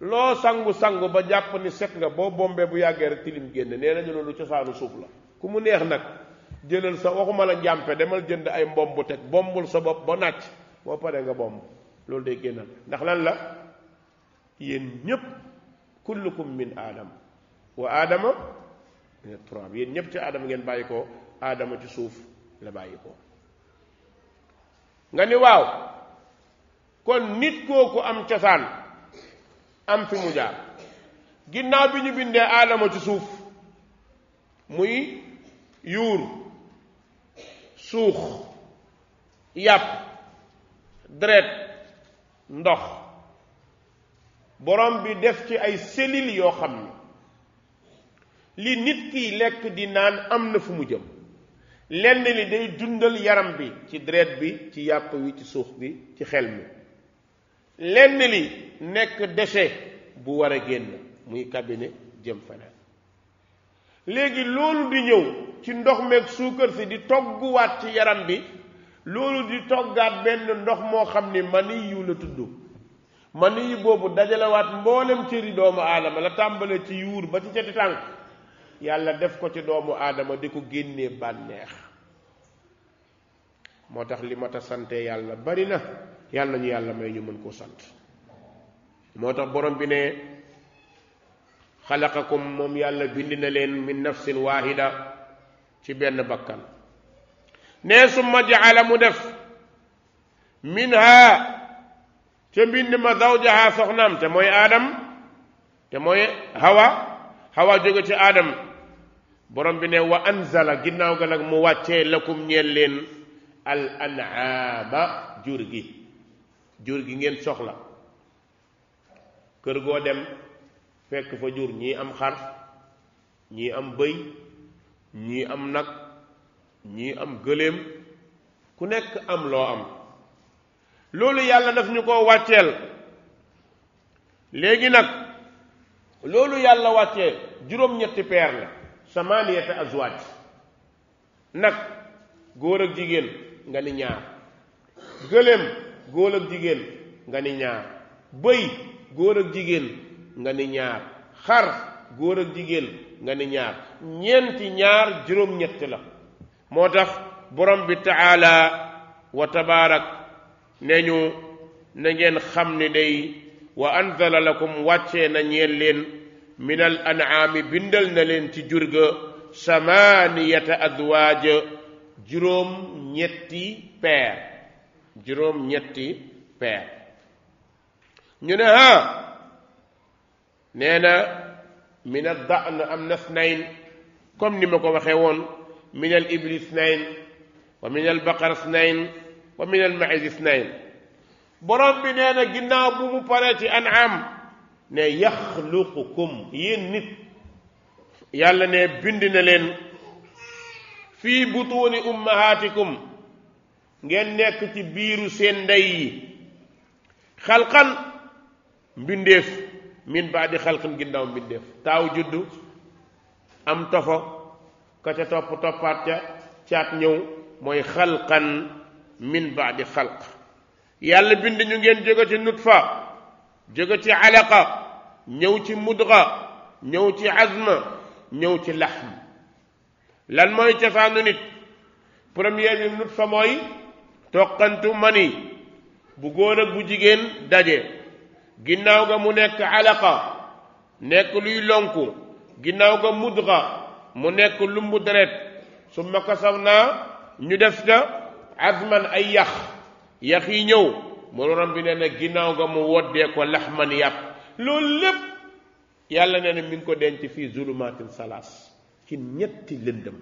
loo sangu sangu ba jàpp ni set nga boo bombee bu yàggee rek tilim génn nee nañu loolu cosaanu suuf la ku mu neex nag jëlal sa waxuma la njàmpe demal jënd ay mbomb teg bombul sa bopp ba nàcc boo paree nga bomb loolu day génnal ndax lan la yéen ñépp kullukum min aadama wa aadama trois bi ñëpp ci aadama ngeen bàyyi ko aadama ci suuf la bàyyi ko nga ni waaw kon nit kooku am cosaan am fi mu jaar ginnaaw bi ñu bindee aadama ci suuf muy yuur suux yàpp deret ndox borom bi def ci ay cellules yoo xam ni li nit kiy lekk di naan am na fu mu jëm lenn li day dundal yaram bi ci deret bi ci yàpp wi ci suuf bi ci xel mi lenn li nekk déchet bu war a génn muy cabinet jëm feneen léegi loolu di ñëw ci ndox meeg suukar si di togguwaat ci yaram bi loolu di toggaat benn ndox moo xam ni mani yu la tudd mani boobu dajalewaat mboolem cëri doomu aadama la tàmbale ci yuur ba ci cati tànk yàlla def ko ci doomu aadama di ko génnee bànneex moo tax li ma ta sante yàlla bari na yàlla ñu yàlla may ñu mën koo sant moo tax borom bi ne ko moom yàlla bind na leen min nafsin waahida ci benn bakkan ne summa mu def minha ca mbind ma zawjaha soxnaam te mooy aadam te mooy hawa hawa jóge ci aadam borom bi ne wa anzala ginnaaw ga nag mu wàccee lakum ñeel leen al anaama jur gi jur gi ngeen soxla kër goo dem fekk fa jur ñii am xar ñii am bëy ñii am nag ñii am gëléem ku nekk am loo am loolu yàlla daf ñu ko wàcceel léegi nag loolu yàlla wàcce juróom-ñetti peer la samaniyata azwaaj nag góor ak jigéen nga ni ñaar gëléem góor ak jigéen nga ni ñaar bëy góor ak jigéen nga ni ñaar xar góor ak jigéen nga ni ñaar ñeenti ñaar juróom-ñett la moo tax borom bi taala wa tabaarak ne ñu na ngeen xam ni day wa anzala lakum wàccee na ñeen leen min al anaami bindal na leen ci jur ga samaaniyata azwaaja ñetti peer juróom ñetti peer ñu ne ha nee na min al da'n am na snayn comme ni ma ko waxee woon min al ibli snayn wa min al baqara snayn wa min al maïs snayn borom bi nee na bu mu paree ci anaam ne yaxluqukum yéen nit yàlla ne bind na leen fii bu butuuni ummahaatikum ngeen nekk ci biiru seen ndey yi xalqan mbindeef min baadi xalqin ginnaaw mbindeef taaw juddu am tofo ka ca topp toppaat ca caat ñëw mooy xalqan min baadi xalq yàlla bind ñu ngeen jóge ci nutfa jóge ci alaqa ñëw ci mudga ñëw ci azma ñëw ci laxm lan mooy cosaanu nit premier bi nut fa mooy toqantu mani bu góor bu jigéen daje ginnaaw ga mu nekk alaqa nekk luy lonk ginnaaw ga mudga mu nekk lumbu deret su ma kasaw naa ñu def ca azman ay yax yax yi ñëw borom bi nee na ginnaaw nga mu woddee ko laxman yàpp loolu lépp yàlla nee na mi ngi ko denc fii zulumaatin salaas ci ñetti lëndëm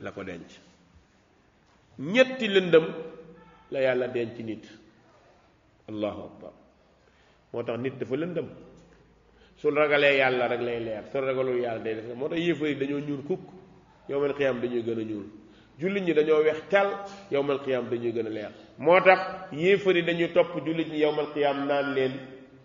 la ko denc ñetti lëndëm la yàlla denc nit allahu akbar moo tax nit dafa lëndëm su ragalee yàlla rek lay leer su ragalul yàlla day def moo tax yéefar dañoo ñuul kukk yowmal xiyaam dañuy gën a ñuul jullit ñi dañoo weex tal yowmal xiyaam dañuy gën a leer moo tax yi dañu topp jullit ñi yowmal qiyaam naan leen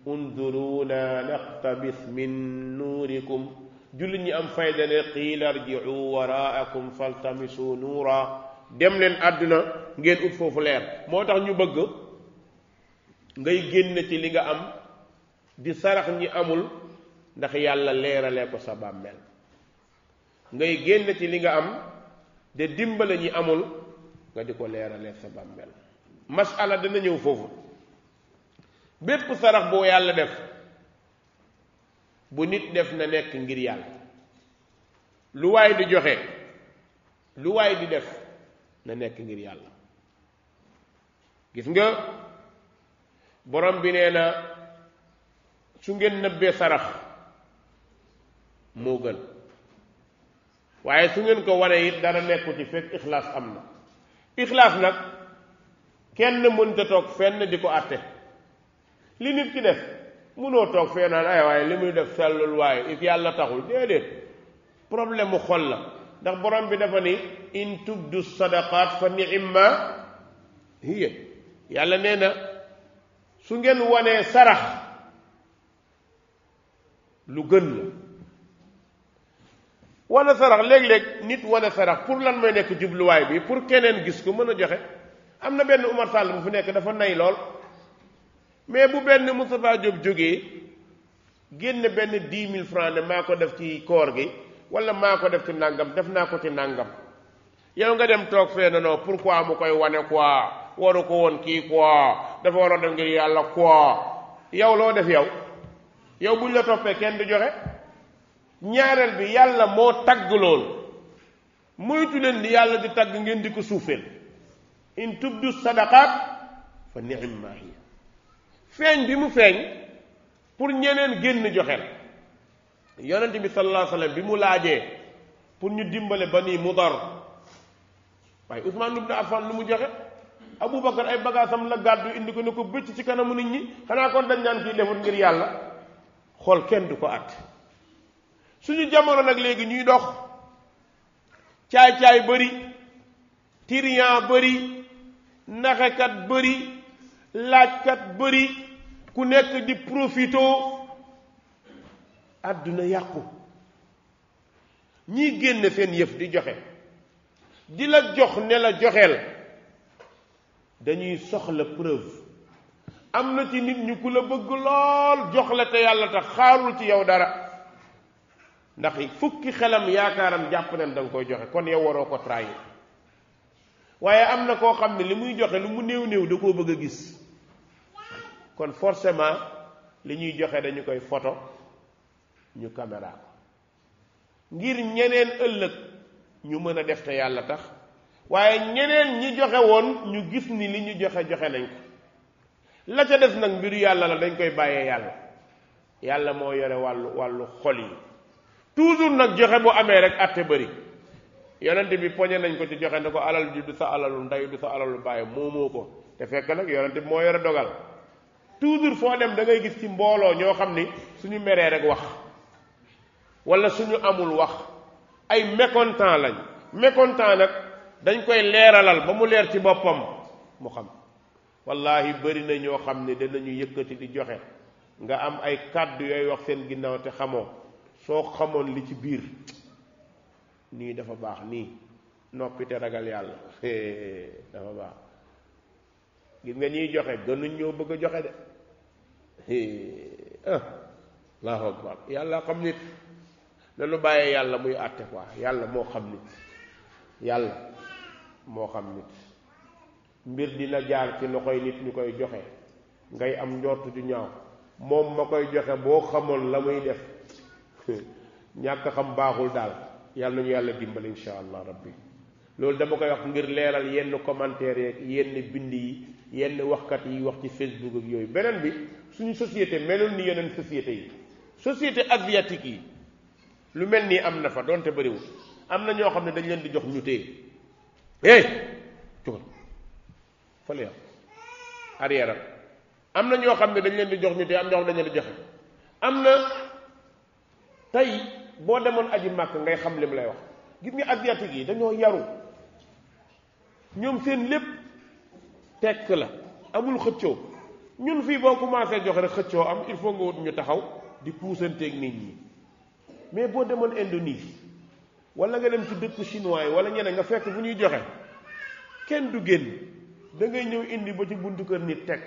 unduruuna naqtabis min nuurikum jullit ñi am fayda ne qiila rji'u waraakum faltamisu nuura dem leen àdduna ngeen ut foofu leer moo tax ñu bëgg ngay génn ci li nga am di sarax ñi amul ndax yàlla leerale ko sa bàmmeel ngay génn ci li nga am de dimbale ñi amul nga di ko leerale sa bàmmeel masala dana ñëw foofu bépp sarax boo yàlla def bu nit def na nekk ngir yàlla lu waay di joxe lu waay di def na nekk ngir yàlla gis nga borom bi nee na su ngeen nëbbee sarax moo gën waaye su ngeen ko waree it dara nekku fekk ixlaas am na ixlaas nag kenn mënta toog fenn di ko àtte li nit ki def munoo toog fee ay waaye li muy def sellul waaye if yàlla taxul déedéet problème mu xol la ndax borom bi dafa ni in tubdu sadaqaat fa ni'imma hiya yàlla nee na su ngeen wanee sarax lu gën la wane sarax léeg-léeg nit wane sarax pour lan may nekk jubluwaay bii pour keneen gis ko mën a joxe am na benn Umar Sall bu fi nekk dafa nay lool mais bu benn Moustapha jóge jógee génn benn dix mille francs ne maa ko def ci koor gi wala maa ko def ci nangam def naa ko ci ndàngam yow nga dem toog fee pour pourquoi mu koy wane quoi waru ko woon kii quoi dafa waroon def ngir yàlla quoi yow loo def yow yow buñ la toppee kenn du joxe ñaareel bi yàlla moo tagg lool moytu leen di yàlla di tagg ngeen di ko suufeel in tubdu sadaqaat fa ni'imma hiya feeñ bi mu feeñ pour ñeneen génn joxe la yonent bi sallallahu alayhi bi mu laajee pour ñu dimbale ba bani mudar waaye Ousmane ibn Affan lu mu joxe Aboubacar ay bagaasam la gàddu indi ko ne ko bëcc ci kanamu nit ñi xanaa kon dañ naan kii defut ngir yàlla xool kenn du ko at suñu jamono nag léegi ñuy dox caay-caay bëri tiriyan bëri naxekat bëri laajkat bëri ku nekk di profito àdduna yàqu ñiy génn seen yëf di joxe di la jox ne la joxeel dañuy soxla preuve am na ci nit ñu ku la bëgg lool jox te yàlla tax xaarul ci yow dara ndax fukki xelam yaakaaram jàpp nañ da nga koy joxe kon yow waroo ko trahir waaye am na koo xam ne li muy joxe lu mu néew néew da koo bëgg a gis kon forcément li ñuy joxe dañu koy photo ñu caméra ko ngir ñeneen ëllëg ñu mën a def te yàlla tax waaye ñeneen ñi joxe woon ñu gis ni li ñu joxe joxe nañ ko la ca def nag mbiru yàlla la dañ koy bàyyee yàlla yàlla moo yore wàllu wàllu xol yi toujours nag joxe bu amee rek àtte bari yonente bi poñe nañ ko ci joxe ne ko alal ji du sa alalu ndey du sa alalu bàyyi moo ko te fekk nag yonente bi moo yore dogal toujours foo dem da ngay gis ci mbooloo ñoo xam ni suñu meree rek wax wala suñu amul wax ay mécontent lañ mécontent nag dañ koy leeralal ba mu leer ci boppam mu xam wallahi bëri na ñoo xam ne danañu yëkkati di joxe nga am ay kàddu yooyu wax seen ginnaaw te xamoo soo xamoon li ci biir nii dafa baax nii noppite ragal yàlla dafa baax gis nga ñuy joxe gënuñ ñoo bëgg a joxe de ah allahu akbar yàlla xam nit nanu bàyyee yàlla muy àtte quoi yàlla moo xam nit yàlla moo xam nit mbir dina jaar ci loxoy nit ñu koy joxe ngay am njort ju ñaaw moom ma koy joxe boo xamoon la muy def ñàkk xam baaxul daal yàlla nañu yàlla dimbali insha allah rabbi loolu dama koy wax ngir leeral yenn commentaire yeeg yenn bind yi yenn waxkat yi wax ci facebook ak yooyu beneen bi suñu société melul ni yeneen société yi société asiatique yi lu mel nii am na fa donte bëriwul am na ñoo xam ne dañ leen di jox ñu téye eh cugal fële yàq arrière am na ñoo xam ne dañ leen di jox ñu téye am di joxe am na tey boo demoon aji màkk ngay xam lim lay wax gis nga asiatique yi dañoo yaru ñoom seen lépp tekk la amul xëccoo ñun fii boo commencé joxe rek xëccoo am il faut nga wut ñu taxaw di puusanteeg nit ñi mais boo demoon Indonésie wala nga dem ci dëkk chinois yi wala ñeneen nga fekk bu ñuy joxe kenn du génn dangay ñëw indi ba ci buntu kër nit teg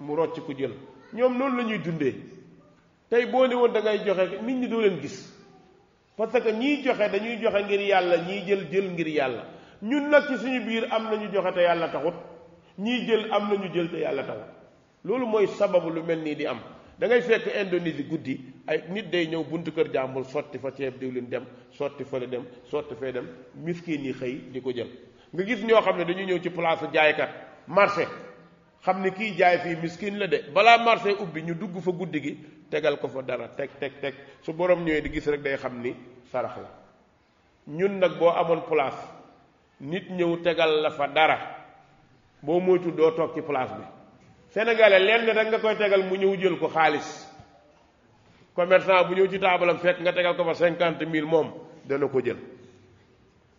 mu rocc ku jël ñoom noonu la ñuy dundee tey boo ne woon da ngay joxe nit ñi doo leen gis parce que ñiy joxe dañuy joxe ngir yàlla ñiy jël jël ngir yàlla ñun nag ci suñu biir am na ñu joxe te yàlla taxut ñii jël am na ñu jël te yàlla taxut loolu mooy sababu lu mel nii di am da ngay fekk Indonésie guddi ay nit day ñëw buntu kër jàmbur sotti fa ceeb diwlin dem sotti fële dem sotti fee dem miskin yi xëy di ko jël nga gis ñoo xam ne dañuy ñëw ci place jaaykat marché xam ne kii jaay fii miskin la de balaa marché ubbi ñu dugg fa guddi gi tegal ko fa dara teg teg teg su boroom ñëwee di gis rek day xam ni sarax la ñun nag boo amoon place nit ñëw tegal la fa dara boo moytu doo toog ci place bi sénégalais lenn rek nga koy tegal mu ñëw jël ko xaalis commerçant bu ñëw ci taabalam fekk nga tegal ko fa cinquante mille moom dana ko jël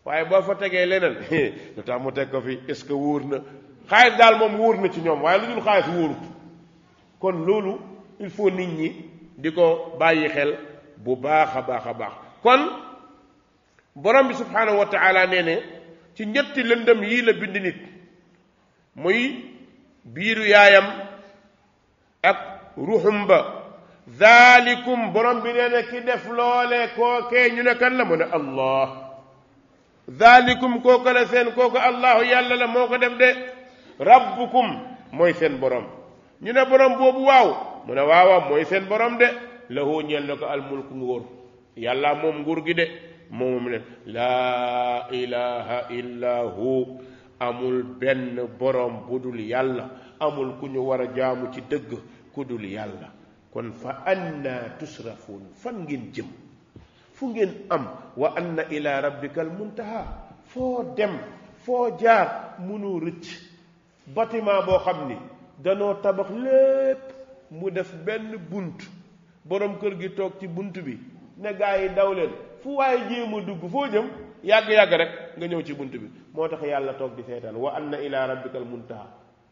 waaye boo fa tegee leneen lu tax mu teg ko fi est-ce que wóor na xaalis daal moom wóor na ci ñoom waaye lu dul xaalis wóorut kon loolu il faut nit ñi di ko bàyyi xel bu baax a baax a baax kon borom bi subhanahu wa taala ci ñetti lëndam yii la bind nit muy biiru yaayam ak ruxum ba daalikum borom bi nee ki def loole kookee ñu ne kan la mu ne allah daalikum kooku la seen kooku allahu yàlla la moo ko def de rabbukum mooy seen borom ñu ne borom boobu waaw mu ne waawa mooy seen borom de lahu ñeel na ko almulku nguur yàlla moom nguur gi de moom leen laa ilaha illa amul benn borom bu dul yàlla amul ku ñu war a jaamu ci dëgg ku dul yàlla kon fa anna tusrafuun fan ngeen jëm fu ngeen am wa anna ila rabbika al foo dem foo jaar mënu rëcc bâtiment boo xam ni danoo tabax lépp mu def benn bunt borom kër gi toog ci bunt bi ne gaa yi daw leen fu waaye jéem a dugg foo jëm yàgg-yàgg rek nga ñëw ci bunt bi moo tax yàlla toog di seetaan wa anna ila rabbikal muntaha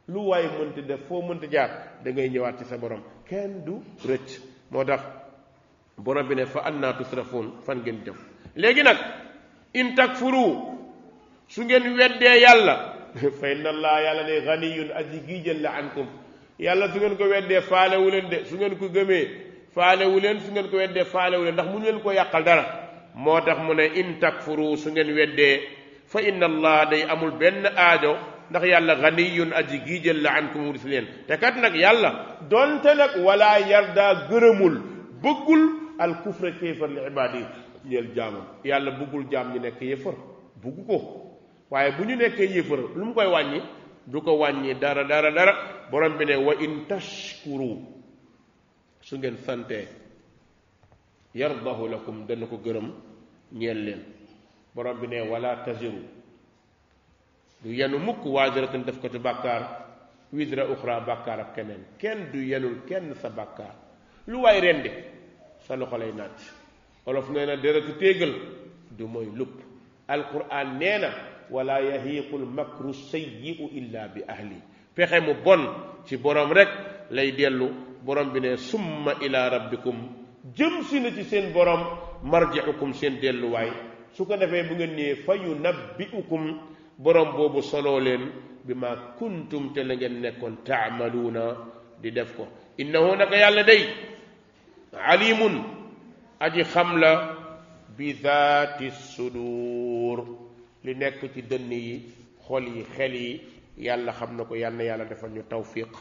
lu waay mënti def foo mënti jaar da ngay ñëwaat ci sa borom kenn du rëcc moo tax borom bi ne fa anna tusrafuun fan ngeen jëm léegi nag in takfuru su ngeen weddee yàlla fa na allah yàlla ne ganiyun aji gii jël la ankum yàlla su ngeen ko weddee faale wu leen de su ngeen ko gëmee faale wu leen su ngeen ko weddee faale wu leen ndax mu ñu leen ko yàqal dara moo tax mu ne in takfuru su ngeen weddee fa inna allah day amul benn aajo ndax yàlla ganiyun aji giijël la an ko mu si leen te kat nag yàlla donte nag wala yarda gërëmul bëggul al kufra kéefar li ibaad yi ñeel jaamam yàlla bëggul jaam ñu nekk yéefar bëggu ko waaye bu ñu nekkee yéefar lu mu koy wàññi du ko wàññi dara dara dara borom bi ne wa in tashkuru su ngeen sante yardahu lakum dana ko gërëm ñeel leen borom bi ne wala taziru du yenu mukk waajiratan def ko ci bàkkaar widra uxra bàkkaar ak keneen kenn du yenul kenn sa bàkkaar lu waay rendi sa loxo lay naat olof nee na deretu téegal du mooy lupp alquran nee na wala yahiqul makru sayyi'u illa bi ahli pexe mu bon ci borom rek lay dellu borom bi ne summa ila rabbikum jëm si na ci seen borom marji'ukum seen delluwaay su ko defee bu ngeen nee fa yunabbi'ukum borom boobu soloo leen bi ma kuntum te la ngeen nekkoon taamaluuna di def ko innahu naka yàlla day alimun aji xam la bi zaati sudur li nekk ci dënn yi xol yi xel yi yàlla xam na ko yàlla yàlla defal ñu tawfiq